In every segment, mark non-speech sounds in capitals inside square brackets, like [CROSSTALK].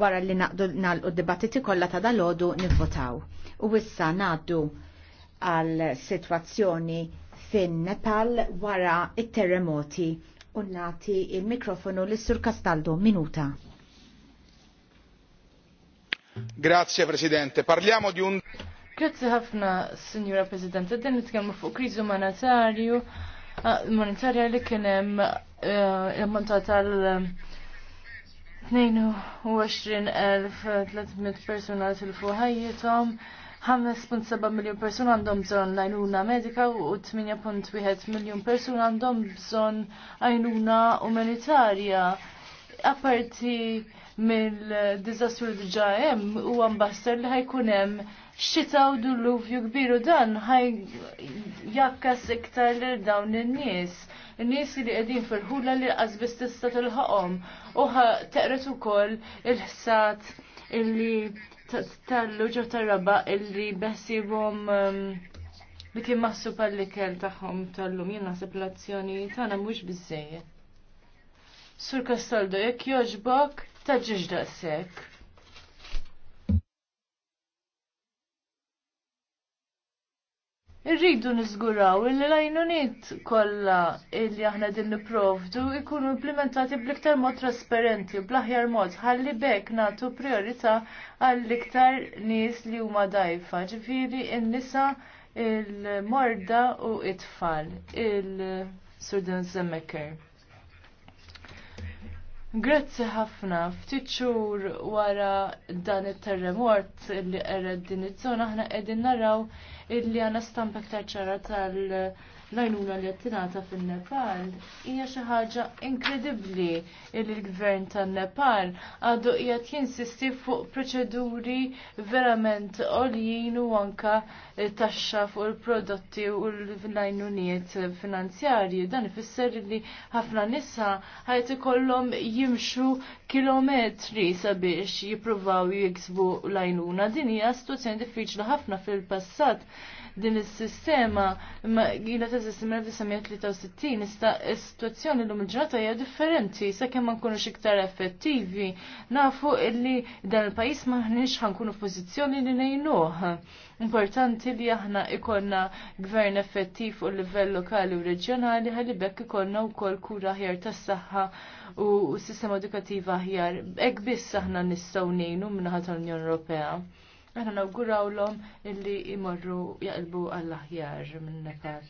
wara li naqdu nalqu d-dibattiti kollha ta' dalodu nivvotaw. U issa ngħaddu għal sitwazzjoni fin Nepal wara it-terremoti u nati il-mikrofonu lis sur Castaldo minuta. Grazie Presidente, parliamo di un Grazzi ħafna, Signora Presidente, din nitkellmu fuq kriżi monetarju, ah, monetarja li kien hemm eh, il-monta tal 22,300 persuna tilfu ħajjithom. 5.7 miljon persuna għandhom bżon għajnuna medika u 8.1 miljon persuna għandhom bżon għajnuna umanitarja. Apparti mill-dizastru li ġa hemm u ambasser li ħajkun hemm xita u dulluvju kbiru dan ħaj jakkas iktar l dawn in-nies n-nies li qegħdin fil-ħula li qasbis tista' tilħaqhom u teqret ukoll il-ħsat illi tal-luġu tal raba illi beħsibhom um, li kien maħsub għall-ikel tagħhom tal-lum jien naħseb l-azzjoni tagħna mhux Sur Kastaldo, jekk jogħġbok, taġġiġ daqshekk. Irridu nizguraw illi l-għajnuniet kolla illi aħna din niprovdu ikunu implementati bl-iktar mod trasparenti u bl-aħjar mod ħalli bekk natu priorità għall-iktar nies li huma dajfa, ġifiri n-nisa il-morda u it-tfal, il-Surdan Zemmeker. Grazzi ħafna, ftit xhur wara dan it-terremort li qered din iż-żona aħna qegħdin naraw illi għandna stampa aktar ċara tal- l-għajnuna li għattinata fil-Nepal hija xi ħaġa inkredibbli li l-gvern tan-Nepal għadu qiegħed jinsisti fuq proċeduri verament għoljin u anka taxxa fuq il-prodotti u l-għajnuniet finanzjarji. Dan ifisser li ħafna nisa ħajt ikollhom jimxu kilometri sabiex jippruvaw jiksbu l-għajnuna. Din hija situazzjoni diffiċli ħafna fil-passat din is-sistema gila ta' mill-1963 nista s-sitwazzjoni lum il-ġurnata hija differenti sakemm ma nkunux iktar effettivi nafu illi dan il-pajjiż maħniex ħankunu pozizjoni li ngħinuh. Importanti li aħna ikonna gvern effettiv fuq livell lokali u reġjonali ħalli bekk ikonna wkoll kura aħjar tas-saħħa u s-sistema edukattiva aħjar. Hekk biss aħna nistgħu nejnu minħata l-Unjoni Ewropea. Għana l-om illi imorru jaqilbu għall-aħjar minn Nepal.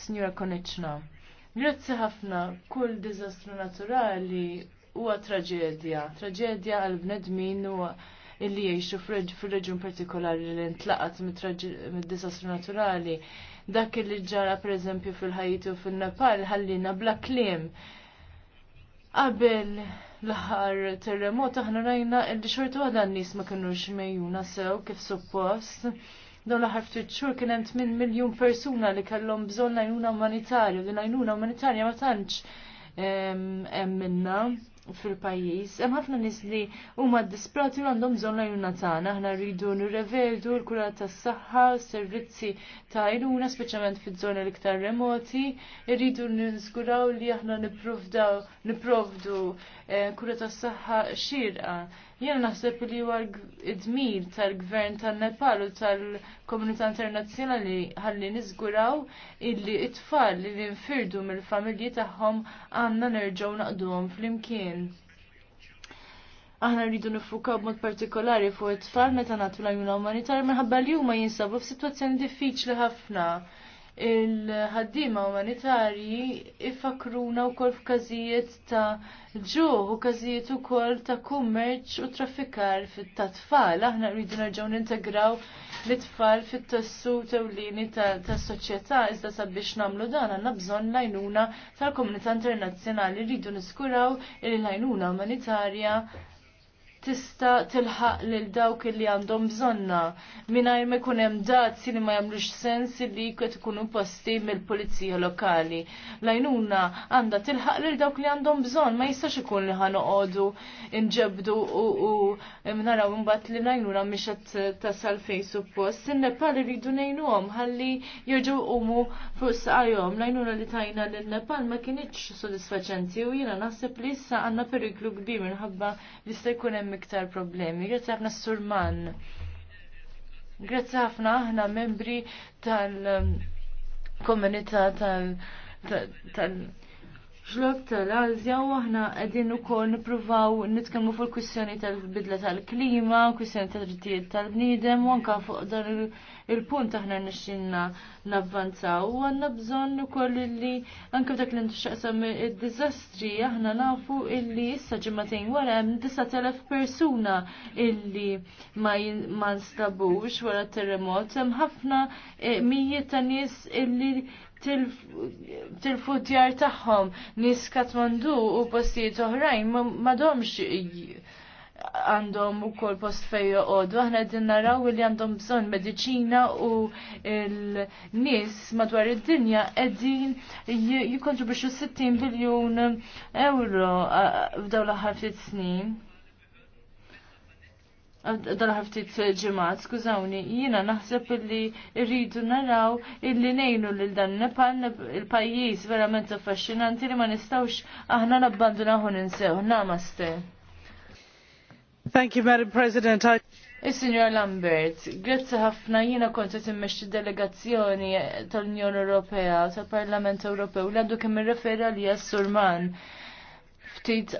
Signora Konečna, grazzi ħafna kull dizastru naturali huwa traġedja, traġedja għal-bnedmin u illi jiexu fil-reġun partikolari li ntlaqat mid dizastru naturali. Dak li ġara per eżempju fil ħajtu u fil-Nepal ħallina bla klim. Qabel l-ħar terremot aħna rajna li xorta għadha n-nies ma kinux mejjuna sew kif suppost. Dawn l-ħar ftit xhur kien hemm 8 miljun persuna li kellhom bżonn għajnuna umanitarja, din għajnuna umanitarja ma tantx ehm, hemm minnha fil-pajjiż. Hemm ħafna nis li huma disprati u għandhom bżonn lajnuna tagħna, aħna rridu nirreveldu l-kura tas-saħħa, servizzi ta' għajnuna speċjalment fiż-żoni l-iktar remoti, rridu niżguraw li aħna nipprovdu eh, kura tas-saħħa xirqa Jena naħseb li huwa id-dmir tal-gvern tan-Nepal u tal-komunità internazzjonali ħalli niżguraw illi it-tfal li nfirdu mill-familji tagħhom għandna nerġgħu naqduhom flimkien. Aħna rridu nifukaw b'mod partikolari fuq it-tfal meta nagħtu l-ajuna umanitar minħabba li huma jinsabu f'sitwazzjoni diffiċli ħafna il-ħaddima umanitarji ifakruna wkoll f'każijiet ta' ġu u każijiet ukoll ta' kummerċ u traffikar ta' tfal. Aħna rridu nerġgħu nintegraw l-tfal fit tassu ewlieni tas soċjetà iżda sabiex nagħmlu dan għandna bżonn l tal-komunità internazzjonali rridu niskuraw il-għajnuna umanitarja tista tilħaq lil dawk li għandhom bżonna mingħajr ma jkun hemm dazzi li ma jagħmlux sens li jkun ikunu posti mill-pulizija lokali. Lajnuna għandha tilħaq lil dawk li għandhom bżonn ma jistax ikun li noqogħdu inġebdu u naraw imbagħad li lajnuna mhix qed tasal fejn suppost. In-Nepal iridu ngħinuhom ħalli jerġgħu qumu fuq saqajhom. Lajnuna li tajna lil-Nepal ma kinitx sodisfaċenti u jiena naħseb li issa għandna periklu kbir minħabba li se jkun hemm iktar problemi. Grazzi ħafna Surman. Grazzi għafna aħna membri tal-komunità tal-. Um, tal, tal, tal-, tal, tal, tal xlob tal-Azja u aħna għedin u kol nipruvaw nitkellmu fuq kwissjoni tal-bidla tal-klima, kwissjoni tal-ġdijiet tal-bnidem u anka fuq dan il-punt aħna nixxinna navvanzaw u għanna bżon u koll illi, anka dak li ntuxaqsam il-dizastri aħna nafu illi issa ġimmatin wara hemm 9000 persuna illi ma nstabux wara terremot hemm ħafna eh, mijiet ta' nies illi til djar tagħhom nis Katmandu u postijiet oħrajn m'għadhomx għandhom u kol post fej għodu. Aħna din naraw li għandhom bżon medicina u l-nis madwar id-dinja edin jikontribuċu 60 biljon euro f'daw ħafit snin dal-ħaftit ġemat, skużawni, jina naħseb illi rridu naraw illi nejnu lil dan Nepal il-pajjiż verament affaxxinanti li ma nistawx aħna nabbandunaħu ninsew. Namaste. Thank you, Madam President. I... Is-Sinjor Lambert, grazzi ħafna jiena kont qed immexxi delegazzjoni tal-Unjoni Ewropea tal-Parlament Ewropew l għandu kemm irrefera li għas-Surman ftit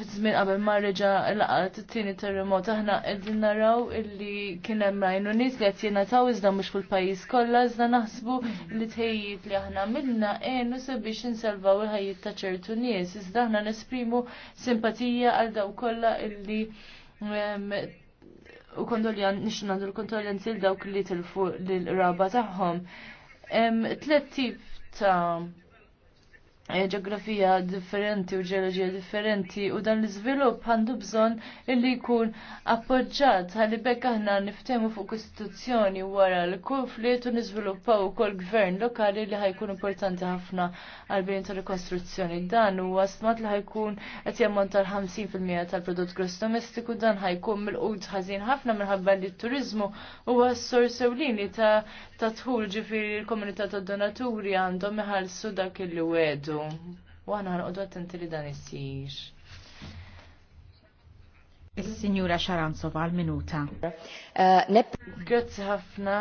zmin eh, qabel ma reġa laqat it-tieni terremot aħna qegħdin naraw illi kien hemm rajnu nies li qed jingħataw iżda mhux fil-pajjiż kollha iżda naħsbu li tħejjit li aħna minna għenu sabiex insalvaw il-ħajjiet ta' ċertu nies iżda aħna nesprimu simpatija għal daw kollha illi ehm, u kondoljan nix nagħdu l-kondoljan dawk li t-fu l-raba tagħhom. Ehm, tlet tip ta' Eh, ġeografija differenti u ġeoloġija differenti u dan l-iżvilupp għandu bżonn illi jkun appoġġat ħalli bekk aħna nifthmu fuq kostituzzjoni wara l-konflitt u niżviluppaw ukoll gvern lokali li ħajkun importanti ħafna għal bini tal-rikostruzzjoni. Dan huwa stmat li ħajkun qed jammont tal-50% tal-prodott gross domestiku dan ħajkun mill-qud ħażin ħafna minħabba li t-turizmu huwa s-sors ewlieni ta' tħul ġifieri l-komunità tad-donaturi għandhom iħallsu dak illi wedu jitqisu u għana ħanqodu attenti li dan issir. il sinjura Xaranzova għal-minuta. Eh, Grazzi ħafna,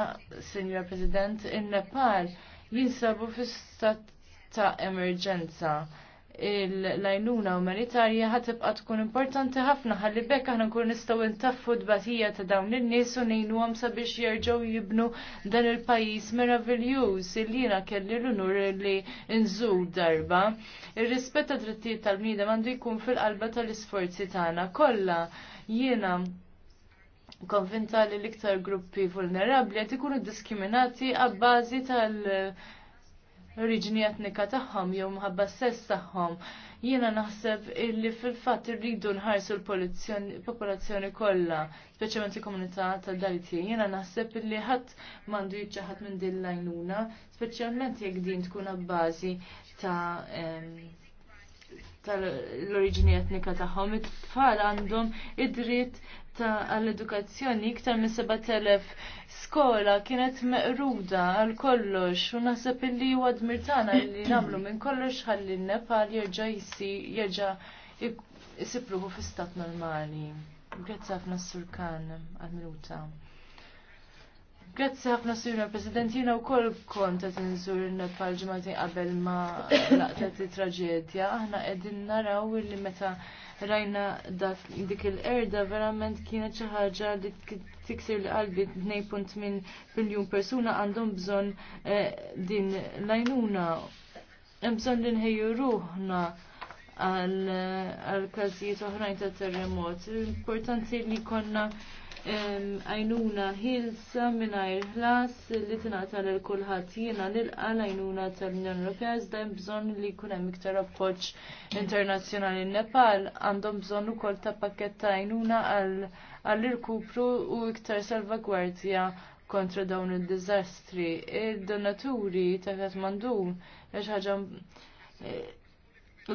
Sinjura President, in-Nepal jinsabu fi stat ta' emerġenza l-lajnuna umanitarja ħatibqa tkun importanti ħafna ħalli bekk aħna nkun nistgħu ntaffu d-batija ta' dawn in-nies u ngħinuhom sabiex jerġgħu jibnu dan il-pajjiż meraviljuż illi jiena kelli l-unur li nżur darba. Ir-rispett ta' drittijiet tal-bniedem għandu jkun fil-qalba tal-isforzi tagħna kollha jiena konvinta li l-iktar gruppi vulnerabli qed ikunu diskriminati għabbażi tal- l etnika tagħhom jew mħabba sess tagħhom. Jiena naħseb illi fil-fatt irridu nħarsu l-popolazzjoni kollha, speċjalment il-komunità tal-Dalti. Jiena naħseb illi ħadd m'għandu jiċċaħat minn din l-għajnuna, speċjalment jekk din tkun abbażi ta' tal-oriġini etnika tagħhom. It-tfal għandhom id-dritt ta' għall-edukazzjoni iktar minn 7000 skola kienet meqruda għal kollox u naħseb illi huwa dmirtana li [CLEARS THROAT] nagħmlu minn kollox ħalli n-Nepal jerġa' jissi jirġa jisipruħu fi stat normali. Grazzi ħafna s-surkan għadmiruta. Grazzi Grazzi ħafna surkan President, u wkoll kont n-zur in-Nepal ġemati qabel ma laqtet traġedja, aħna qegħdin naraw illi meta rajna dak dik il-erda verament kienet xi ħaġa li tikser li qalbi 2.8 biljun persuna għandhom bżonn eh, din l-għajnuna. Hemm bżonn ruħna għal każijiet oħrajn ta' terremot. Importanti li konna għajnuna Hilsa mingħajr ħlas li t lil kulħadd jiena nilqa l-għajnuna tal-Unjoni Europea iżda hemm bżonn li jkun hemm iktar appoġġ internazzjonali. Nepal għandhom bżonn ukoll ta' pakkett ta' għajnuna għal għall-irkupru u iktar salvagwardja kontra dawn il-dizastri. Il-donaturi ta' Katmandu, ħaġa eh,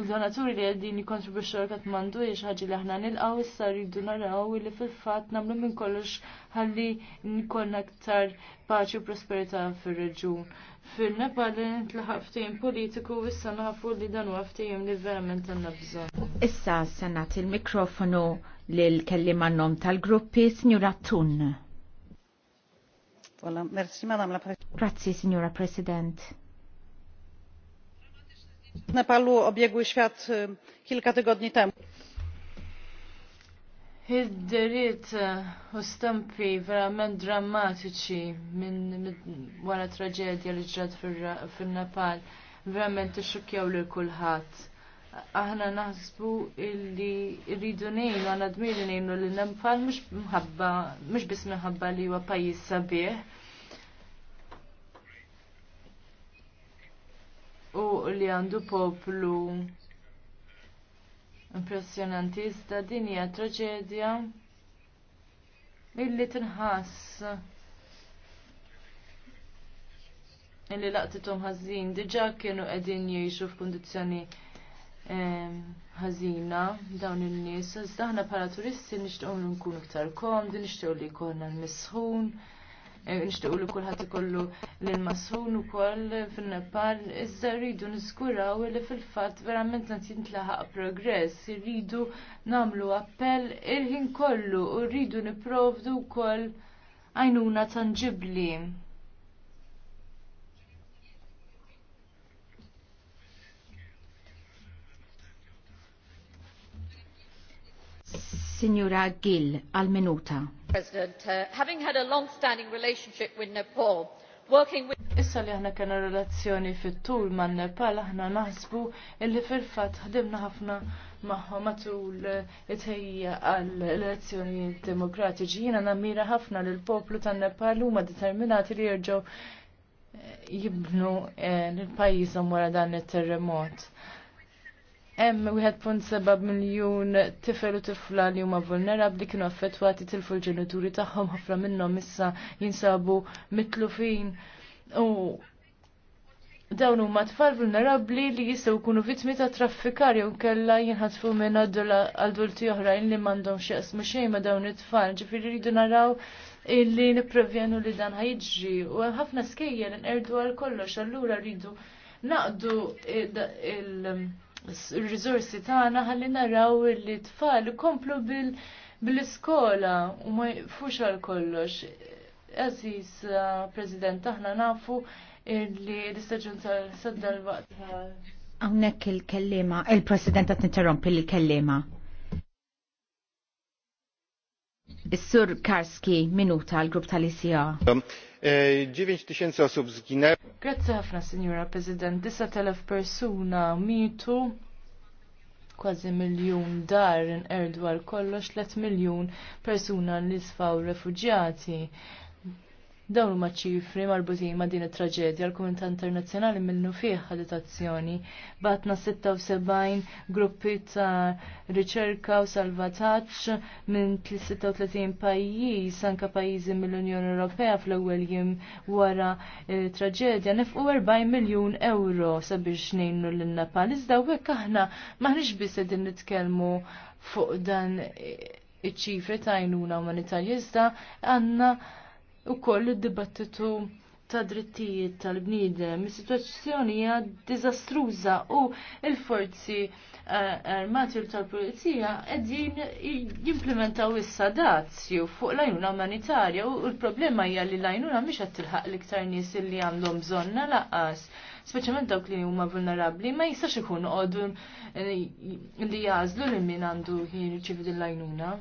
il-donaturi li għeddin jikontribuċu għal Katmandu ħaġa li aħna nilqaw issa rridu naraw li fil-fat namlu minn kollox ħalli nkollna aktar paċi u prosperita fil-reġun. Fil-Nepal l ftehim politiku issa naħafu li dan huwa li verament għandna bżonn. Issa sanat il-mikrofonu l kelli mannom tal-gruppi, Signora Tun. Grazie, Signora President. Nepalu obiegły świat kilka tygodni temu. Id-deriet u stampi verament drammatiċi minn wara traġedja li ġrat fil-Nepal verament t-xukjaw li kulħadd aħna naħsbu illi rridu nejnu għandna dmiri nejnu li nemfal mux mħabba, mux bis mħabba li huwa pajis sabiħ. U li għandu poplu impressjonanti iżda din hija traġedja illi tinħass illi laqtitom ħażin diġà kienu qegħdin jgħixu f'kundizzjoni ħażina dawn in-nies, iżda aħna bħala turisti li nkun iktar komdi, nixtiequ li jkollna l-misħun, nixtiequ li kulħadd ikollu l-masħun ukoll fin-Nepal, iżda rridu niskuraw li fil-fatt verament qed jintlaħaq progress, irridu nagħmlu appell il-ħin kollu u rridu nipprovdu wkoll għajnuna tanġibli. Signora Gill, al minuta President, uh, having had a long-standing relationship with Nepal, working with... Issa li aħna kena relazzjoni fit-tul man Nepal, aħna naħsbu illi fil-fat ħdimna ħafna maħħa matul uh, it-ħejja għal-elezzjoni demokratiċi. Jina namira ħafna li l-poplu tan Nepal huma determinati li jirġgħu uh, jibnu uh, l-pajjiżhom wara dan it-terremot. Hemm 1.7 miljun tifel u tifla li huma vulnerabbli kienu affettwati tilfu l-ġenituri tagħhom ħafna minnhom issa jinsabu mitlufin u dawn huma tfal vulnerabbli li jistgħu jkunu vittmi ta' traffikar jew kellha jinħatfu minn adulti oħrajn li m'għandhom x'jaqsmu xejn ma' dawn it-tfal, ġifieri rridu naraw illi nipprevjenu li dan ħajġri u hemm ħafna skejjer inqerdu għal kollox allura rridu naqdu il il-rizorsi tagħna ħalli naraw li tfal komplu bil-iskola u ma jfux għal kollox. Aziz uh, President, aħna nafu li l istagġun tal-sadda l-waqt. Għawnek il-kellima, il-President għat interrompi il-kellima. Is-Sur Karski, minuta, għal grupp tal-ICA. Um, E, dziewięć osób zginęło. Grazie ħafna, Signora President. Disa persuna mitu kważi miljun dar in erdwar kollox 3 miljun persuna li sfaw refugjati. Dawn huma ċifri marbutin ma' din it-traġedja l-Kumunità Internazzjonali minnu fih ħadet azzjoni. Batna 76 gruppi ta' riċerka u salvataġġ minn 36 pajjiż anke pajjiżi mill-Unjoni Ewropea fl-ewwel jiem wara eh, traġedja nefqu 40 miljun euro sabiex ngħinu lil Nepal. Iżda hekk aħna maħniex biss qegħdin nitkellmu fuq dan eh, iċ-ċifri ta' għajnuna umanitarja iżda għandna u koll id-dibattitu ta' drittijiet tal-bniedem. Is-sitwazzjoni hija diżastruża u l-forzi eh, armati tal-pulizija qegħdin jimplementaw issa dazju fuq l-għajnuna umanitarja u l-problema hija li l-għajnuna mhix qed tilħaq l-iktar nies li għandhom bżonn laqas. Speċjalment dawk li huma vulnerabbli ma jistax ikun qogħdu eh, li jażlu li min għandu jirċievi din l-għajnuna.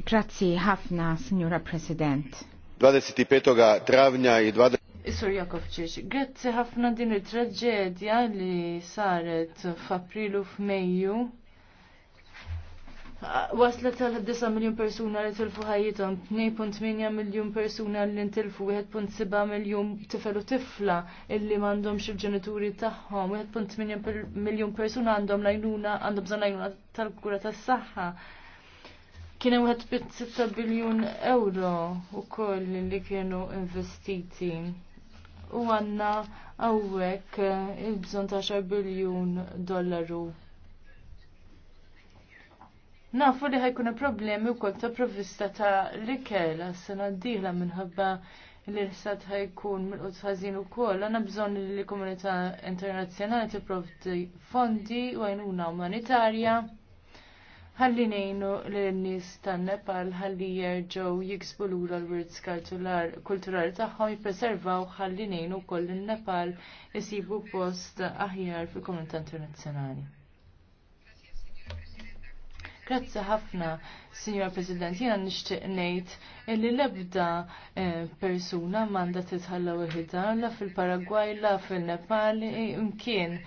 Grazzi ħafna, Signora President. 25 travnja i 20... Isur Jakovċiċ, grazzi ħafna din il-traġedja li saret f'Aprilu f'Mejju. Waslet għal 9 miljon persuna li tilfu ħajjitom, 2.8 miljon persuna li ntilfu, 1.7 miljon tifel u tifla illi m'għandhomx il-ġenituri tagħhom, 1.8 miljon persuna għandhom lajnuna, għandhom bżon lajnuna tal-kura tas-saħħa. Kien hemm 1.6 biljun euro wkoll li kienu investiti u għanna hawnhekk il-bżon ta' 10 biljun dollaru. Nafu li ħajkun problemi u kol ta' provvista ta' rikel għas-sena d-dihla minħabba l-irsat ħajkun mill-qut ħażin u kol. Għanna bżon li l-komunità internazzjonali tipprovdi fondi u għajnuna umanitarja ħalli nejnu l-nis tan Nepal ħalli jerġgħu jiksbu lura l words kulturali tagħhom jippreservaw ħalli nejnu wkoll il-Nepal isibu post aħjar fil-komunità internazzjonali. Grazzi ħafna, Signor President, jiena nixtieq ngħid illi l-ebda eh, persuna m'għandha titħalla weħida la fil-Paragwaj la fil-Nepal imkien.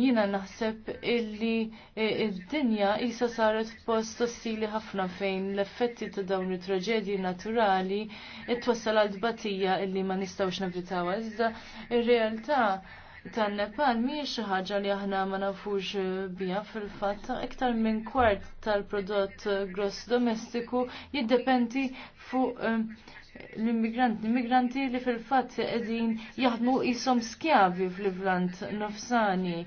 Jiena naħseb illi e, id-dinja jisa saret post ostili ħafna fejn l-effetti ta' dawn it-traġedji naturali it-twassal għal-dbatija illi ma nistawx nevitawa. Iżda ir-realtà tan-Nepal mhijiex xi ħaġa li aħna ma nafux biha fil-fatt iktar minn kwart tal-prodott gross domestiku jiddependi fuq eh, l-immigranti, l-immigranti li fil-fatt qegħdin jaħdmu qishom skjavi fl-Ivlant nofsani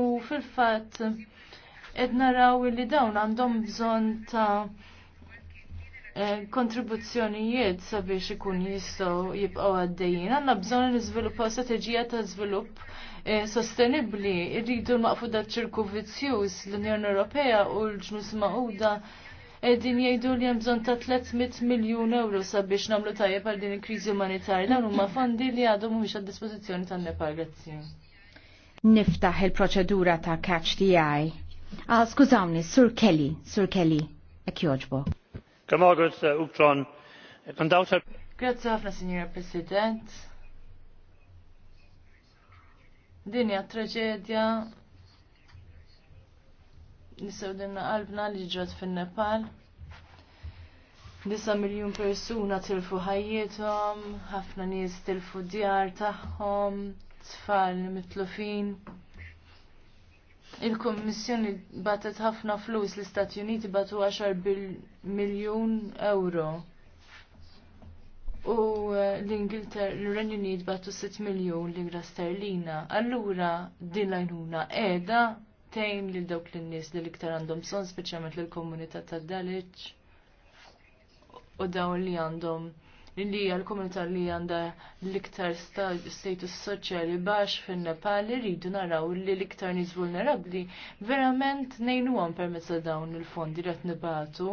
u fil-fatt qed naraw li dawn għandhom bżonn ta' Eh, kontribuzzjonijiet sabiex ikun jistgħu jibqgħu għaddejjin. Għandna bżonn niżviluppaw strateġija ta' żvilupp eh, sostenibbli, irridu l-maqfu da' ċirku vizzjuż l-Unjoni Ewropea u l-ġnus Magħquda qegħdin jgħidu li hemm bżonn ta' 300 miljun euro sabiex nagħmlu tajjeb għal din il-kriżi umanitarja dawn huma fondi li għadhom mhumiex għad-dispożizzjoni tan-Nepal grazzi. Niftaħ il-proċedura ta' catch the eye. Ah, skużawni, Sur Kelly, Sur Kelly, ek joġbo. Uh, uh, Grazie ħafna, President. Din hija traġedja nisew dinna qalbna li ġod fin-Nepal. Disa miljun persuna tilfu ħajjithom, ħafna nies tilfu djar tagħhom, tfal mitlufin il-Kommissjoni batet ħafna flus l-Istati Uniti batu 10 miljon euro. U eh, l-Ingilter, l-Renju Unit batu 6 miljon l-Ingra sterlina. Allura din lajnuna edha tejn li dawk l-nis li iktar għandhom son speċjalment l-komunità tad-Dalic u dawn li għandhom li għal komunità li għandha l-iktar status soċjali baħx fin-Nepal rridu naraw li l-iktar nies vulnerabbli verament ngħinuhom għan ta' dawn il-fondi rat qed nibatu.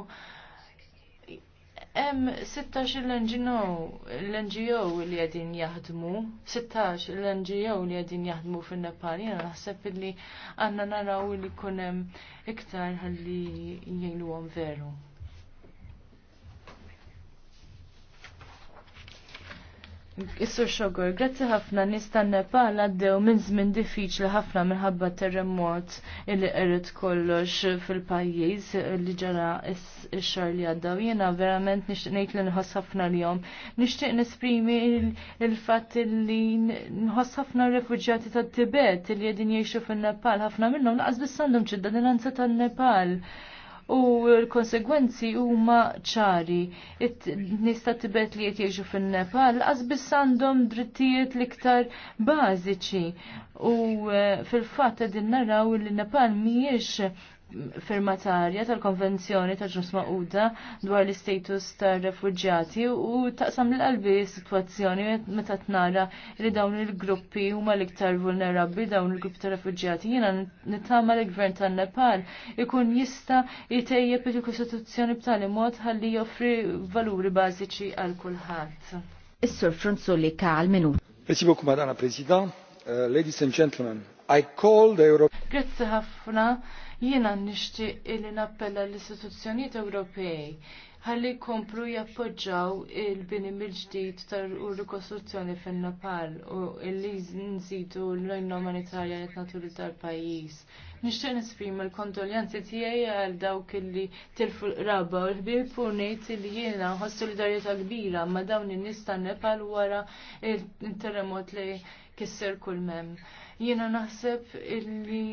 Hemm 16 l-NGO l-NGO li qegħdin jaħdmu, 16 l-NGO li qegħdin jaħdmu fin-Nepal, jiena naħseb li għandna naraw li jkun hemm iktar ħalli jgħinuhom veru. Is-sur grazzi ħafna nies tan-Nepal għaddew minn żmien diffiċli ħafna minħabba terremot li qeret kollox fil-pajjiż li ġara x-xar li għaddew. Jiena verament nixtieq ngħid li nħoss ħafna l-jom. Nixtieq nesprimi il-fatt li nħoss ħafna refuġjati tat-Tibet li qegħdin jgħixu fin-Nepal, ħafna minnhom laqas biss għandhom ċittadinanza tan-Nepal u l-konsegwenzi huma ċari. Nista tibet li qed jiġu fin-Nepal qasbis għandhom drittijiet l-iktar bażiċi u eh, fil-fatt qegħdin naraw li Nepal mhijiex firmatarja tal-konvenzjoni ta' ġus Uda dwar l-istatus tar refugjati u taqsam l-qalbi situazzjoni meta tnara li dawn il-gruppi huma l-iktar vulnerabbli dawn il-gruppi ta' refugjati. Jiena nittama l-gvern tan-Nepal ikun jista' jitejjeb il-kostituzzjoni b'tali mod ħalli joffri valuri bażiċi għal kulħadd. Is-Sur Frunzulli ka għal Grazie beaucoup, Madame la Uh, ladies and gentlemen, I call the Europe... Grazie ħafna. Jiena nixtieq illi nappella l-istituzzjonijiet Ewropej ħalli jkomplu jappoġġaw il-bini mill-ġdid u rikostruzzjoni fin-Nepal u illi nżidu l-għajna umanitarja qed naturi tal-pajjiż. Nixtieq nisprima l-kondoljanzi tiegħi għal dawk illi tilfu l raba u l-ħbieb u ngħid jiena għas solidarieta kbira ma' dawn in-nies tan-Nepal wara il-terremot li kisser kull mem. Jiena naħseb illi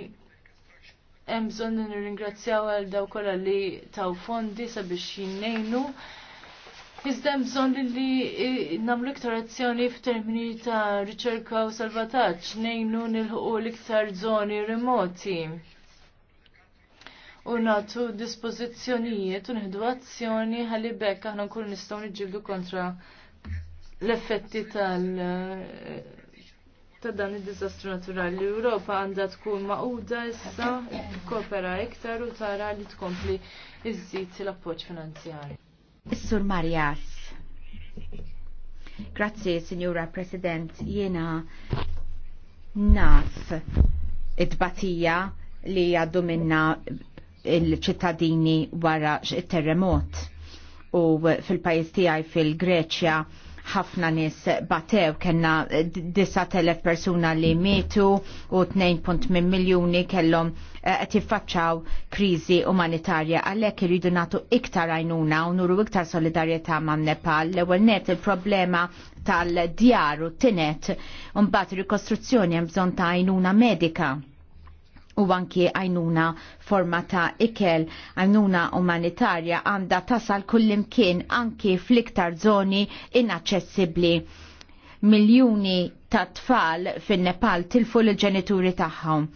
hemm bżonn li nirringrazzjaw għal daw kollha li taw fondi sabiex jinnejnu. Iżda hemm bżonn li e, nagħmlu iktar azzjoni f'termini ta' riċerka u salvataġġ, nejnu nilħuqu l-iktar żoni remoti u natu dispozizjonijiet u nħidu azzjoni ħalli bekk aħna nkunu nistgħu niġġieldu kontra l-effetti tal- ta' dan id-dizastru naturali. L-Europa għandha tkun maquda issa kopera iktar u tara li tkompli iżżid l-appoġġ finanzjari. Is-Sur Marjas. Grazzi, Signora President, jiena naf it batija li għaddu minna il-ċittadini wara il-terremot u fil-pajis tijaj fil-Greċja ħafna nis batew kena 10.000 persuna li mietu u 2.000 miljoni kellhom tiffaċċaw eh, krizi umanitarja għalhekk irridu nagħtu iktar għajnuna u nuru iktar solidarjetà ma' Nepal. L-ewwel net il-problema tal-djar u tinet un-bat rikostruzzjoni hemm bżonn ta' għajnuna medika u anki għajnuna forma ta' ikel, għajnuna umanitarja għanda tasal kullimkien anki fl-iktar zoni inaċċessibbli. Miljuni ta' tfal fin nepal tilfu l-ġenituri tagħhom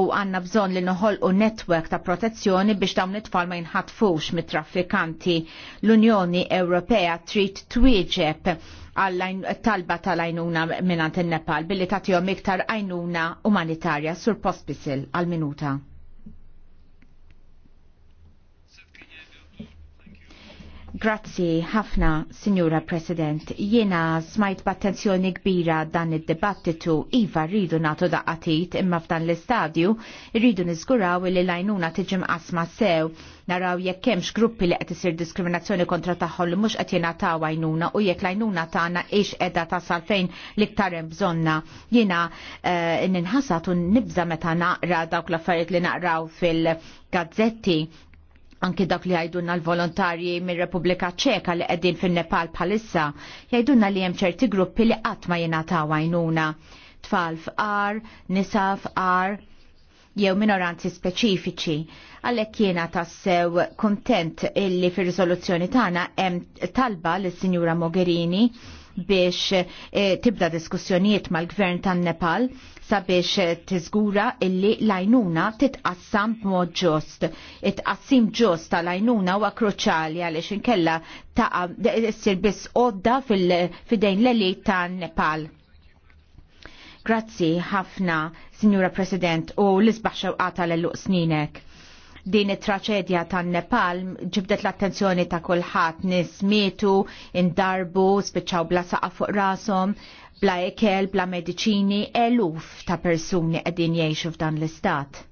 u għanna bżon li noħol u netwerk ta' protezzjoni biex dawn it-tfal ma jinħatfux mit-traffikanti. L-Unjoni Ewropea trid twieġeb talba tal ajnuna minnant il-Nepal billi tatijom iktar għajnuna umanitarja sur pospisil għal-minuta. Grazzi ħafna, Signora President. Jiena smajt b'attenzjoni kbira dan id-dibattitu iva rridu nagħtu daqatit imma f'dan l-istadju rridu niżguraw li lajnuna tiġi mqasma sew naraw jekk hemmx gruppi li qed isir diskriminazzjoni kontra tagħhom li mhux qed jingħataw għajnuna u jekk lajnuna tagħna hix qiegħda tasal fejn l-iktar hemm bżonna. Jiena eh, ninħasat u nibża meta naqra dawk l-affarijiet li naqraw fil-gazzetti anki dak li għajdunna l-volontarji mir repubblika ċeka li għedin fin nepal bħalissa, għajdunna li hemm ċerti gruppi li qatt ma jingħataw għajnuna. Tfal ar, nisa ar jew minoranzi speċifiċi. Għalhekk jiena tassew kontent illi fir-riżoluzzjoni tagħna hemm talba lis-Sinjura Mogherini biex e, tibda diskussjonijiet mal-gvern tan Nepal sabiex tiżgura illi l titqassam b'mod ġust. It-qassim ġust tal-għajnuna huwa kruċali għaliex inkella ta' issir biss qodda fil-fidejn l-elit ta' Nepal. Grazzi ħafna, Signora President, u l-isbaħ xewqata l-luq sninek din it-traċedja tan Nepal ġibdet l-attenzjoni ta' kulħadd nies mietu, indarbu, spiċċaw bla saqa fuq rashom, bla ekel, bla mediċini, eluf ta' persuni qegħdin jgħixu f'dan l-istat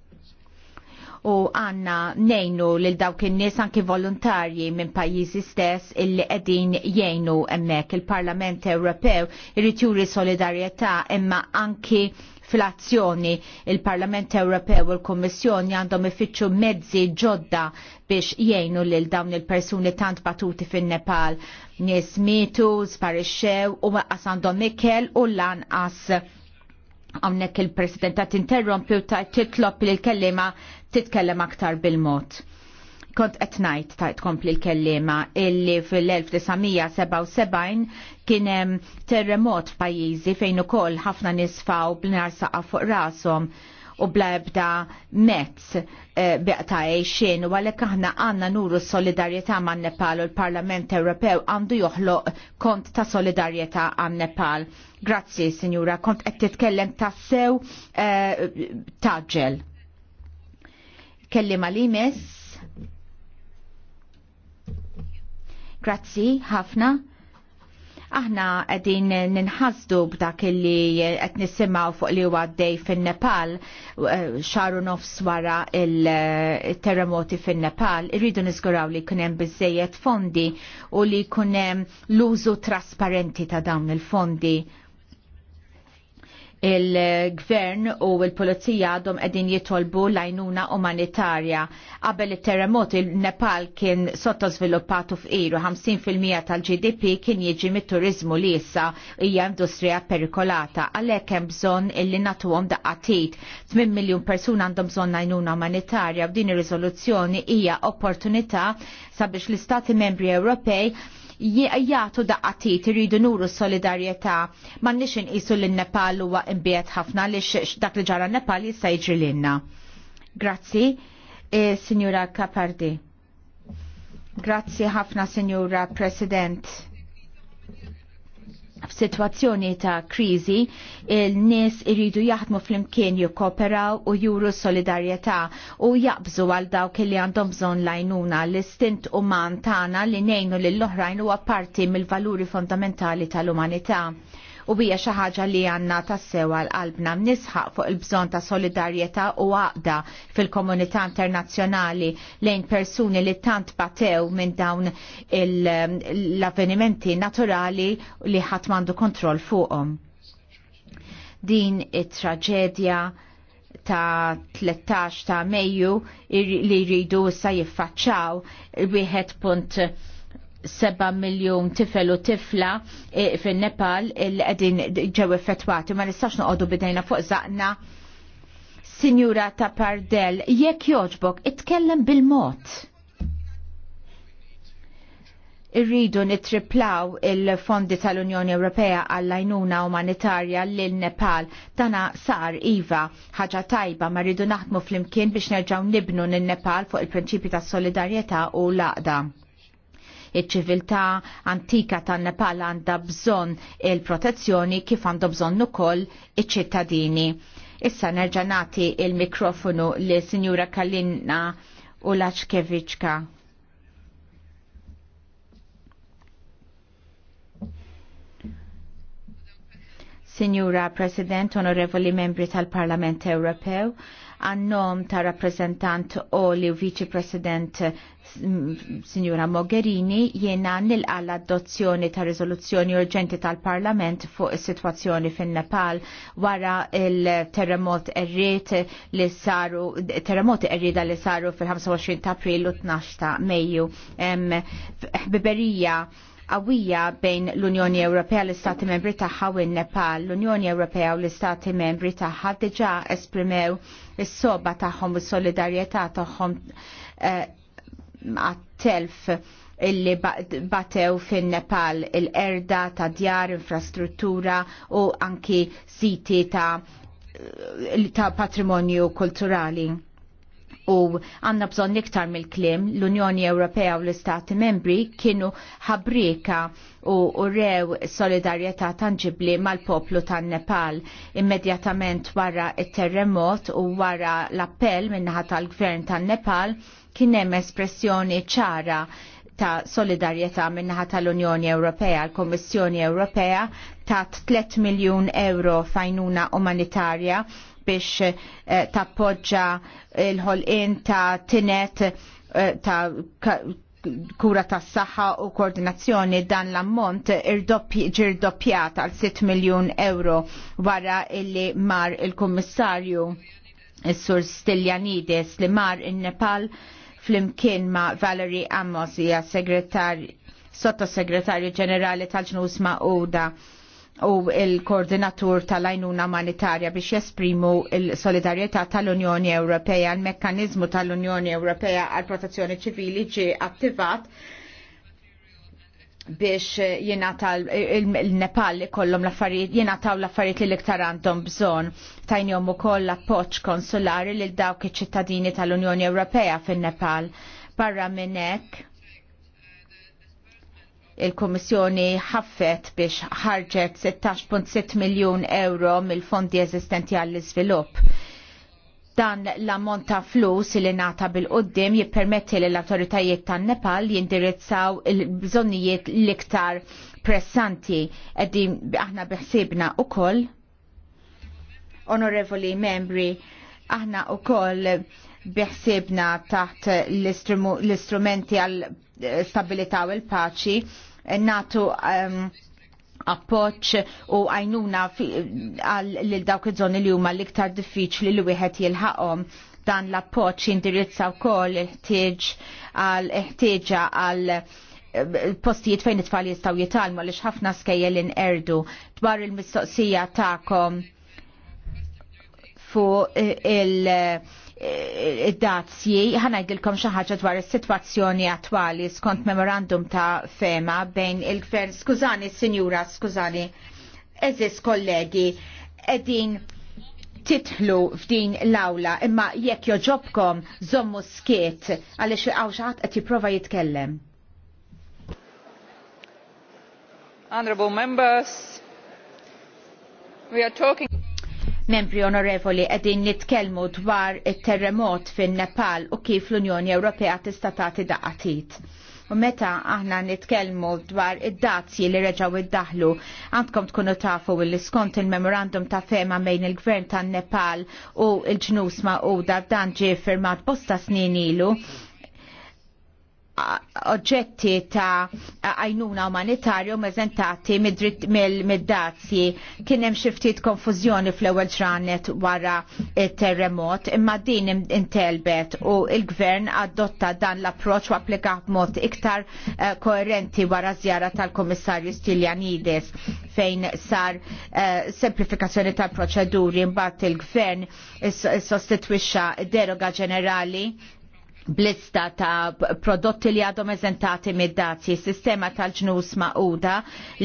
u għanna nejnu lil dawk in-nies anki volontarji minn pajjiżi stess illi qegħdin jgħinu hemmhekk il-Parlament Ewropew irid juri solidarjetà imma anki fl-azzjoni. Il-Parlament Ewropew u l-Kommissjoni għandhom ifittxu mezzi ġodda biex jgħinu lil dawn il-persuni tant batuti fin nepal Nies mitu, sparixxew u għandhom ikel u lanqas għamnek il-President ta' interrompi u titlob titlop il-kellima titkellem aktar bil-mod kont etnajt ta' tkompli l-kellima illi fil-1977 kienem terremot f'pajjiżi fejn ukoll ħafna nisfaw bl-nar fuq rasom u bla ebda mezz eh, biqta eħxin u għalek aħna għanna nuru solidarieta ma' Nepal u l-Parlament Ewropew għandu joħloq kont ta' solidarieta għan Nepal. Grazzi, Signora, kont qed titkellem ta' sew eh, taġġel. Kellima li miss Grazzi ħafna. Aħna qegħdin ninħasdu b'dak li qed nisimaw fuq li huwa għaddej fin-Nepal eh, xaru nofs wara il-terremoti fin-Nepal, irridu nizguraw li jkun hemm fondi u li jkun hemm l-użu trasparenti ta' dawn il-fondi il-gvern u il-polizija għadhom qegħdin jitolbu lajnuna umanitarja. Qabel it-terremot il-Nepal kien sottosviluppatu f'iru, 50% tal-GDP kien jiġi mit-turizmu li jissa hija industrija perikolata. Għalhekk hemm bżonn illi nagħtuhom daqqatit. 8 miljun persuna għandhom bżonn lajnuna umanitarja u din ir-riżoluzzjoni hija opportunità sabiex l-Istati Membri Ewropej jgħatu t iridu nuru solidarjetà ma nixin inqisu l nepal huwa imbiet ħafna li dak li ġara Nepal jista' l-inna. Grazzi, e, Signora Kapardi. Grazzi ħafna, Signora President f'sitwazzjoni ta' kriżi il-nies iridu jaħdmu flimkien jikkooperaw u juru solidarjetà u jaqbżu għal dawk li għandhom bżonn lajnuna l-istint uman tagħna li ngħinu lill-oħrajn huwa parti mill-valuri fondamentali tal-umanità u hija xi ħaġa li għandna tassew l-qalbna nisħaq fuq il-bżonn ta' solidarjetà u għaqda fil-komunità internazzjonali lejn persuni li tant batew minn dawn l-avvenimenti naturali li ħadd m'għandu kontroll fuqhom. Din it-traġedja ta' 13 ta' Mejju li jridu issa jiffaċċaw wieħed punt. 7 miljon tifel u tifla eh, fin Nepal il qegħdin ġew effettwati ma nistax noqogħdu bidejna fuq zaqna. Sinjura ta' Pardell, jekk joġbok, itkellem bil-mod. Irridu nitriplaw il-fondi tal-Unjoni Ewropea għall-għajnuna umanitarja lil Nepal. Dana sar Iva ħaġa tajba ma rridu naħdmu fl-imkien biex nerġaw nibnu nil-Nepal fuq il-prinċipi tas solidarjetà u l għaqda Iċ-ċiviltà antika tan-Nepal għandha bżonn il-protezzjoni kif għandha bżonn ukoll iċ-ċittadini. Issa nerġa' nagħti il-mikrofonu li Sinjura Kalinna u Laċkeviċka. Signora President, Onorevoli Membri tal-Parlament Ewropew, għannom ta' rappresentant li u Vice President Signora Mogherini jiena nilqa l-adozzjoni ta' rizoluzzjoni urġenti tal-Parlament fuq is-sitwazzjoni fin-Nepal wara il-terremot erriet li saru t-terremot errida li saru fil-25 ta' April u 12 ta' Mejju. Biberija qawwija bejn l-Unjoni Ewropea l-Istati Membri tagħha u n-Nepal. L-Unjoni Ewropea u l-Istati Membri tagħha diġà esprimew is-soba tagħhom u solidarjetà tagħhom għat-telf eh, illi batew fin Nepal il-erda ta' djar, infrastruttura u anki siti ta' eh, ta' patrimonju kulturali u għanna bżon iktar mill-klim l-Unjoni Ewropea u l-Istati membri kienu ħabrika u rew solidarjetà tangibli mal-poplu tan Nepal immedjatament wara il-terremot u wara l-appell minnaħat tal-gvern tan Nepal kienem espressjoni ċara ta' solidarieta minnaħa tal-Unjoni Ewropea, l-Kommissjoni Ewropea ta' 3 miljon euro fajnuna umanitarja biex eh, tappoġġa il-ħolqien ta' tinet eh, ta' kura ta' saħħa u koordinazzjoni dan l-ammont doppjat għal 6 miljon euro wara illi mar il-kommissarju s sur Stiljanides li mar in-Nepal fl-imkien ma' Valerie Amos hija segretar sottosegretarju ġenerali tal-ġnus ma' Uda u il-koordinatur tal-ajnuna umanitarja biex jesprimu il-solidarieta tal-Unjoni Ewropea, il-mekkanizmu tal-Unjoni Ewropea għal protezzjoni ċivili ġi attivat biex jena il nepal li kollom l-affarijiet, jena l-affarijiet li l-iktar għandhom bżon tajnjom u koll appoċ konsulari li l-dawk iċ-ċittadini tal-Unjoni Ewropea fin-Nepal. Barra minnek, il-Kommissjoni ħaffet biex ħarġet 16.6 miljon euro mill-fondi eżistenti għall-iżvilupp. Dan l-ammont ta' flus li nata bil-qoddim jippermetti l autoritajiet tan Nepal jindirizzaw il-bżonnijiet l-iktar pressanti. Eddim aħna biħsibna u koll, onorevoli membri, aħna u koll biħsibna taħt l-istrumenti għal stabilità u l-paċi natu um, appoċ u għajnuna lil dawk iż-żoni li huma l-iktar diffiċli li wieħed jilħaqhom dan l-appoċ jindirizza wkoll il-ħtieġ għal ħtieġa għal eh, postijiet fejn it-tfal jistaw jitalmu li ħafna li inqerdu dwar il-mistoqsija ta'kom fu il- dazji, ħanajdilkom xaħġa dwar is-sitwazzjoni attwali skont memorandum ta' fema bejn il-gvern, skużani, sinjura, skużani, eżis kollegi, edin titħlu f'din l-awla imma jekk joġobkom zommu skiet għaliex għaw xaħat qed jipprova jitkellem. Honorable members, we are talking membri onorevoli qegħdin nitkellmu dwar it-terremot fin-Nepal u kif l-Unjoni Ewropea tista' tagħti daqatit. U meta aħna nitkellmu dwar id-dazzi li reġgħu iddaħlu, għandkom tkunu tafu li skont il-memorandum ta' fema bejn il-gvern tan-Nepal u l-ġnus ma' u dan ġie firmat bosta snin ilu, oġġetti ta' għajnuna umanitarju meżentati mid dazzi Kien hemm xi ftit konfużjoni fl-ewwel ġranet wara terremot, imma din intelbet u l-gvern adotta dan l-approċċ u applika b'mod iktar eh, koerenti wara żjara tal-Komissarju Stiljanides fejn sar eh, semplifikazzjoni tal-proċeduri mbagħad il-gvern sostitwixxa deroga ġenerali blista ta' prodotti li għadhom eżentati mid-dazzi, sistema tal-ġnus ma'uda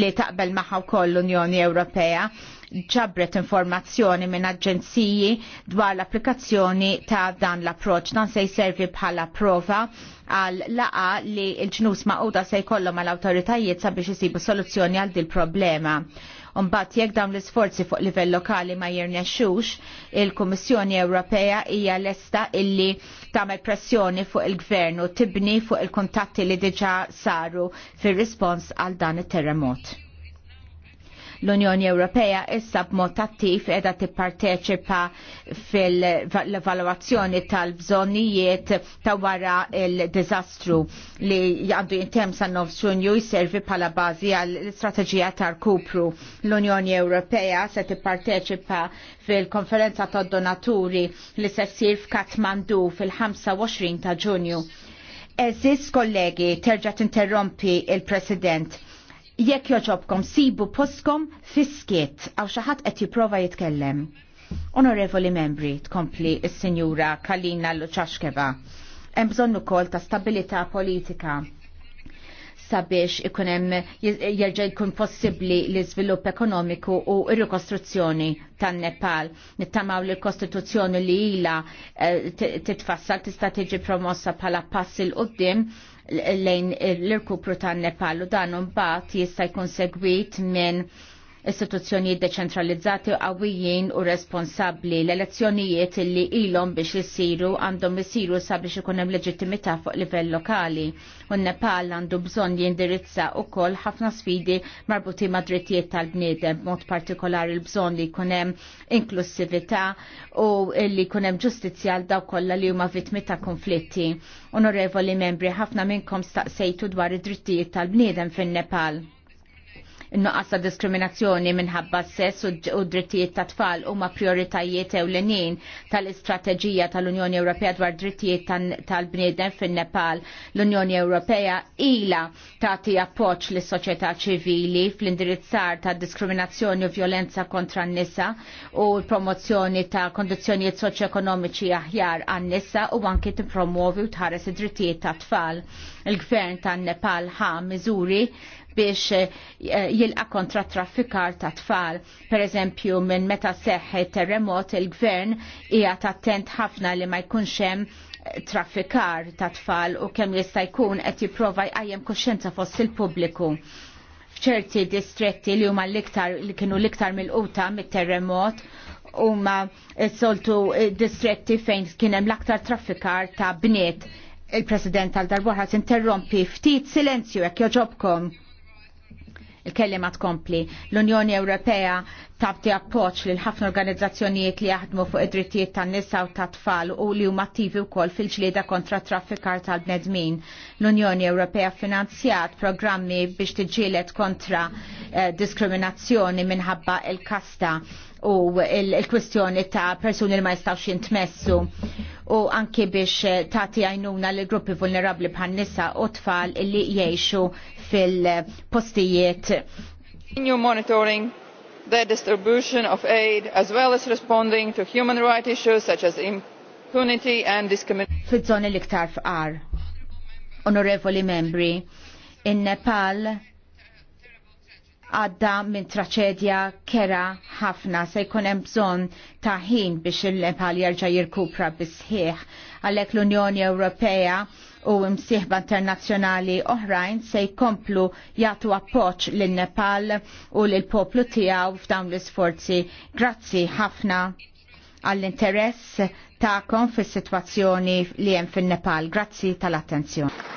li taqbel maħaw koll l-Unjoni Ewropea ġabret informazzjoni minn aġenziji dwar l-applikazzjoni ta' dan l-approċ. Dan se jservi bħala prova għal laqa li l-ġnus ma'uda se jkollhom għal awtoritajiet sabiex isibu soluzzjoni għal dil problema Mbagħad jekk dawn l-isforzi fuq livell lokali ma jirnexxux, il-Kummissjoni Ewropea hija lesta illi tagħmel pressjoni fuq il-Gvern u tibni fuq il-kuntatti li diġà saru fir-rispons għal dan it-terremot. L-Unjoni Ewropea issa b'mod attiv qiegħda tipparteċipa fil-evalwazzjoni tal-bżonnijiet ta' wara il-diżastru li għandu jintem sa' nofs ġunju jservi bħala bażi għall-istrateġija tal-kupru. L-Unjoni Ewropea se tipparteċipa fil-konferenza tad donaturi li se ssir f'Katmandu fil-25 ta' Ġunju. Eżis kollegi, terġa' tinterrompi il-President Jekk joġobkom sibu poskom fiskiet għaw xaħat qed jipprova jitkellem. Onorevoli membri, tkompli il sinjura Kalina Luċaxkeva. Hemm bżonn ukoll ta' stabilità politika sabiex ikunem jirġaj jkun possibli l iżvilupp ekonomiku u rikostruzzjoni tan Nepal. Nittamaw li l-Kostituzzjoni li ila eh, titfassal tista' tiġi promossa bħala pass il qoddim lejn l-irkupru tan-Nepal u dan mbagħad jista' jkun segwit minn istituzzjonijiet deċentralizzati qawwijin u responsabbli l-elezzjonijiet li ilhom biex isiru għandhom isiru sabiex ikun hemm leġittimità fuq livell lokali. U Nepal għandu bżonn jindirizza wkoll ħafna sfidi marbuti ma' drittijiet tal-bniedem, mod partikolari l-bżonn li jkun hemm inklusività u li jkun hemm ġustizzja għal dawk kollha li huma vittmi ta' konflitti. Onorevoli membri, ħafna minnkom staqsejtu dwar id-drittijiet tal-bniedem fin-Nepal nuqqas ta' diskriminazzjoni minħabba s sess u drittijiet ta' tfal huma prioritajiet ewlenin tal-istrateġija tal-Unjoni Ewropea dwar drittijiet tal-bniedem fin-Nepal. L-Unjoni Ewropea ila tagħti appoċ lis soċjetà ċivili fl-indirizzar ta' diskriminazzjoni u violenza kontra n-nisa u l-promozzjoni ta' kondizzjonijiet soċjoekonomiċi aħjar għan-nisa u anke tippromuovi u tħares id-drittijiet ta' tfal. Il-gvern tan-Nepal ħa miżuri biex eh, jilqa kontra traffikar ta' tfal. Per eżempju, minn meta seħħet terremot il-gvern hija attent ħafna li ma jkunx hemm eh, traffikar ta' tfal u kemm jista' jkun qed jipprova jqajjem kuxjenza fost il-pubbliku f'ċerti distretti li huma l-iktar li kienu l-iktar mill-quta mit-terremot huma soltu eh, distretti fejn kien hemm l-aktar traffikar ta' bniet il-President tal darbohra interrompi ftit silenzju jekk joġobkom. Il-kellima tkompli. L-Unjoni Ewropea tabti appoċ lil ħafna organizzazzjonijiet li jaħdmu fuq id-drittijiet tan-nisa u tat-tfal u li huma attivi wkoll fil-ġlieda kontra traffikar tal-bnedmin. L-Unjoni Ewropea finanzjat programmi biex tiġġieled kontra eh, diskriminazzjoni minħabba il-kasta u il-kwistjoni ta' persuni li ma jistawx jintmessu u anki biex eh, tati għajnuna li gruppi vulnerabli bħan nisa u tfal li jiexu fil-postijiet. Continue monitoring the distribution of aid as well as responding to human rights issues such as impunity and discrimination. Fidżoni żoni l fqar, onorevoli membri, in Nepal għadda minn traċedja kera ħafna se jkun hemm bżonn ta' ħin biex il-Nepal jerġa' jirkupra bisħieħ. Għalhekk l-Unjoni Ewropea u msieħba internazzjonali oħrajn se jkomplu jagħtu appoġġ lin nepal u lil poplu tiegħu f'dawn l-isforzi. Grazzi ħafna għall-interess ta'kom fis-sitwazzjoni li hemm fin-Nepal. Grazzi tal-attenzjoni.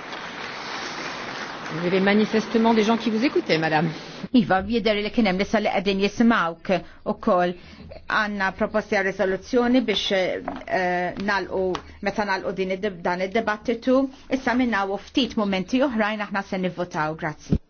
Vous avez manifestement des gens qui vous écoutaient, madame. Iva, jider li kienem li sal għedin jismawk u koll għanna proposti għal risoluzzjoni biex uh, nalqu, meta nalqu din dan id-debattitu, issa minna u ftit momenti uħrajn aħna se nivvotaw. Grazie.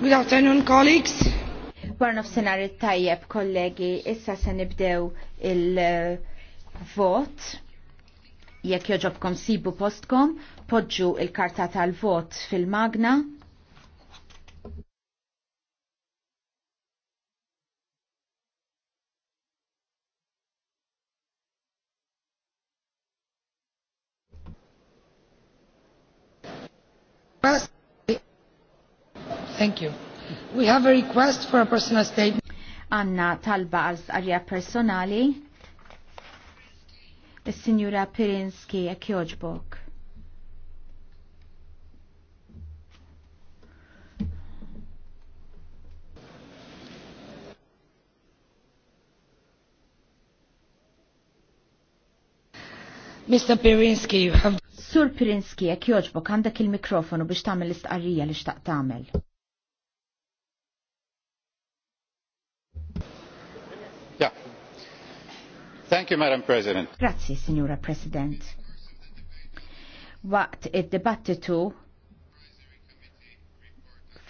Good afternoon, colleagues. Warnof senari tajjeb, kollegi, issa se nibdew il-vot. Jekk joġobkom sibu postkom, podġu il-karta tal-vot fil-magna. have a request for a personal statement. Anna talba għal arja personali. Is-Sinjura Pirinski a joġbok. Mr. Pirinski, you have... Sur Pirinski, a joġbok, għandek il-mikrofonu biex tagħmel l-istqarrija li xtaq tagħmel. Grazie, Grazzi, Signora President. Waqt id-dibattitu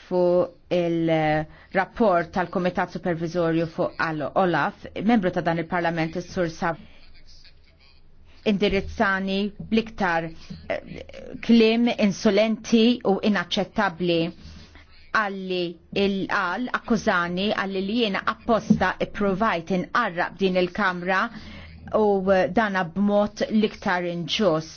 fu il-rapport tal-Komitat Supervisorju fuq Olaf, membru ta' dan il-Parlament is-Sur Sab indirizzani bliktar eh, klim insolenti u inaċċettabbli għalli il-għal akkużani għalli li jiena apposta i-provajt inqarrab din il-kamra u dana b'mod liktar inġus.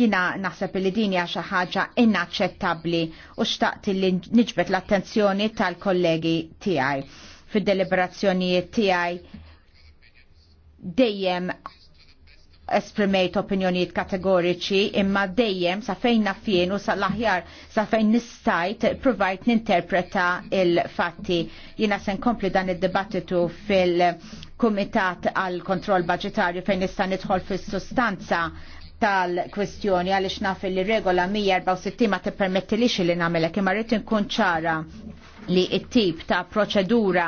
Jina naħseb li din hija xi ħaġa inaċċettabbli u xtaqt li nġbet l-attenzjoni tal-kollegi tiegħi. Fid-deliberazzjonijiet tiegħi dejjem esprimejt opinjonijiet kategoriċi imma dejjem sa fejn nafjenu sa laħjar aħjar sa fejn nistajt provajt ninterpreta il-fatti. Jina sen kompli dan il-dibattitu fil-Kumitat għal kontroll Budgetarju fejn nista' nidħol fis-sustanza tal-kwestjoni għaliex naf li regola 164 ma tippermettilix li nagħmelek imma rrid inkun ċara li it-tip ta' proċedura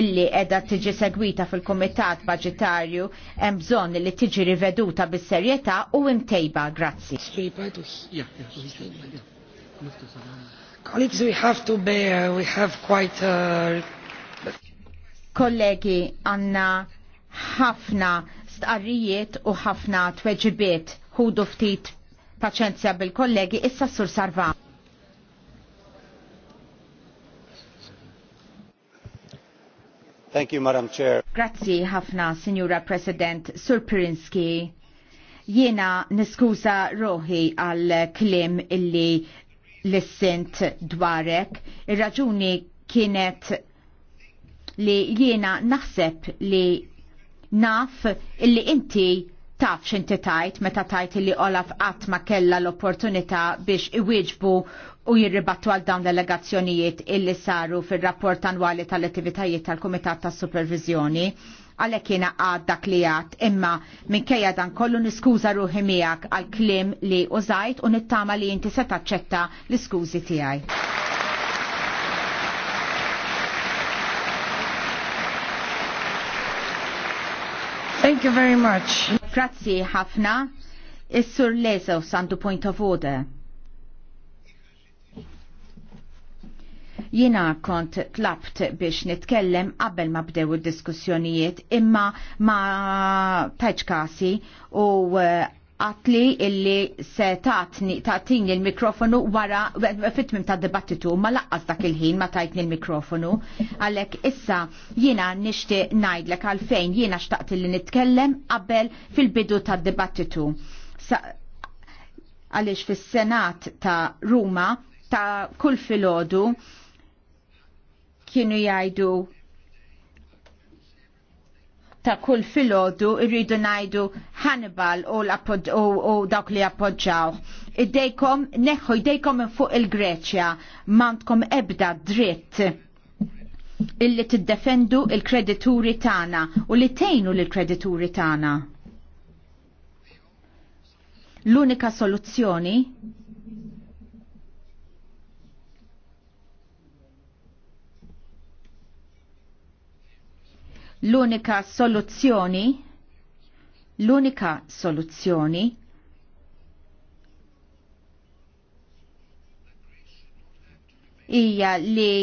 illi edha tiġi segwita fil-Komitat Budgetarju hemm bżonn li tiġi riveduta bis-serjetà u imtejba. Grazzi. Colleagues, we have to bear, uh, we have quite uh, Kollegi, għanna ħafna stqarrijiet u ħafna tweġibiet ħudu ftit paċenzja bil-kollegi issa sur sarvan. Thank you, Madam Chair. Grazzi ħafna, Signora President, Sur Pirinski. Jiena niskusa roħi għal klim illi l-sint dwarek. Ir-raġuni kienet li jiena naħseb li naf illi inti taf xinti tajt meta tajt li Olaf qatt ma kella l-opportunità biex iwieġbu u jirribattu għal dawn delegazzjonijiet illi saru fil-rapport annwali tal-attivitajiet tal-Kumitat tas supervizjoni għalek jena għad dak li għad imma minkejja dan kollu niskuza ruħi miegħek għal klim li użajt u nittama li inti se taċċetta l-iskużi tiegħi. Thank you very much. Grazzi ħafna. Is-sur Leso sandu point of order. Jina kont tlabt biex nitkellem qabel ma bdew id-diskussjonijiet imma ma tajċ kasi u għatli illi se tatni tatini il-mikrofonu wara fitmim ta' dibattitu ma laqqas dak il-ħin ma tajtni il-mikrofonu għalek issa jiena nishti najdlek għalfejn jiena xtaqt li nitkellem qabel fil-bidu ta' dibattitu għalix fis-senat ta' Ruma ta' kull filodu kienu jgħidu ta' kull filgħodu irridu ngħidu Hannibal u, dawk li appoġġaw. Iddejkom, neħħu iddejkom minn fuq il-Greċja, m'għandkom ebda dritt illi tiddefendu il-kredituri tagħna u li tejnu lill kredituri tagħna. L-unika soluzzjoni L-unika soluzzjoni, l-unika soluzzjoni hija li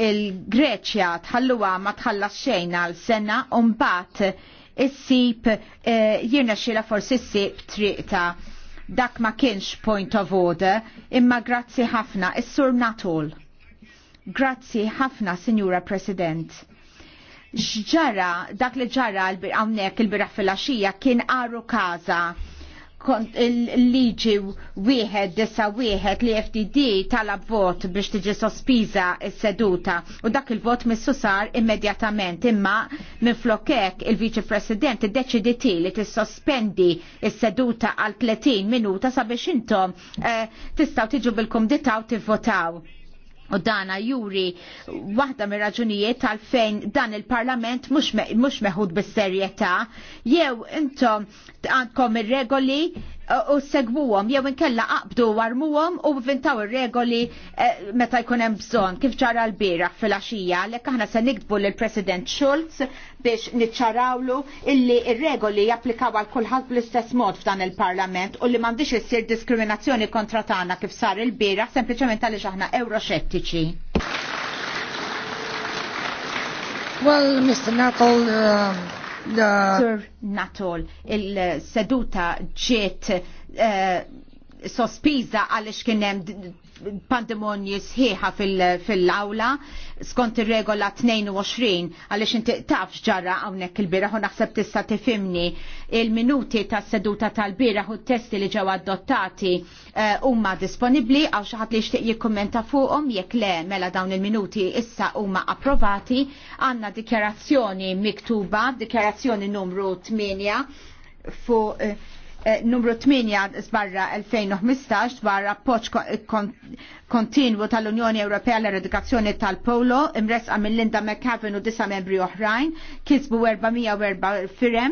il-Greċja tħalluha ma tħalla xejn għal sena u mbagħad issib eh, jirna xila forsi ssib triq ta' dak ma kienx point of order imma grazzi ħafna is-sur Natul. Grazzi ħafna, Signora President xġara dak li ġara għawnek il-biraħ fil-axija kien għaru kaza il-liġi wieħed disa wieħed li FTD talab vot biex tiġi sospiża s-seduta u dak il-vot missu sar immedjatament imma minn flokek il-Viċi President iddeċiditi li tissospendi s-seduta għal 30 minuta sabiex intom eh, tistaw tiġu bil kumditaw tivvotaw. U dana juri waħda mir raġunijiet tal-fejn dan il-parlament mhux meħud bis-serjetà jew intom għandkom ir-regoli u segbuhom jew inkella qabdu warmuhom u vintaw ir-regoli eh, meta jkun hemm bżonn kif ġara l bira fil-għaxija għalhekk aħna se nikdbu lil President Schulz biex niċċarawlu illi ir-regoli japplikaw għal kulħadd bl-istess mod f'dan il-Parlament u li m'għandix issir diskriminazzjoni kontra tagħna kif sar il-bieraħ sempliċement għaliex aħna euroxettiċi. Well, Mr. Nuttall, uh... Sir Natol, il-seduta ġiet eh, sospiża għaliex kien hemm pandemonji sħiħa fil-awla skont ir-regola 22 għaliex inti taf ġarra hawnhekk il-bieraħ u naħseb tista' tifimni il-minuti tas seduta tal-bieraħ u t-testi li ġew adottati eh, huma disponibbli għaw xi ħadd li xtiq jikkummenta fuqhom jekk le mela dawn il-minuti issa huma approvati għandna dikjarazzjoni miktuba, dikjarazzjoni numru 8 fuq eh, Eh, numru 8 sbarra 2015 dwar appoċ eh, kontinwu tal-Unjoni Ewropea l eredikazzjoni tal-Polo imresqa mill-Linda McCaven u disa membri oħrajn kisbu 404 firem